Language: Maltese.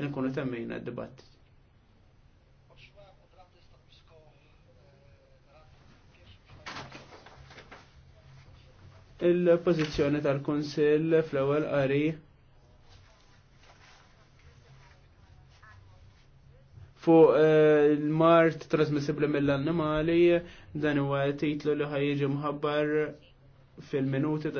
il-nkunu temmejna d-dibattit. Il-pozizjoni tal-Konsil fl-ewwel qari fuq eh, il-mart trasmissibli mill-annimali dan huwa titlu li ħajjiġi mħabbar fil-minuti ta'